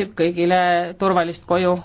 soovib kõigile turvalist koju.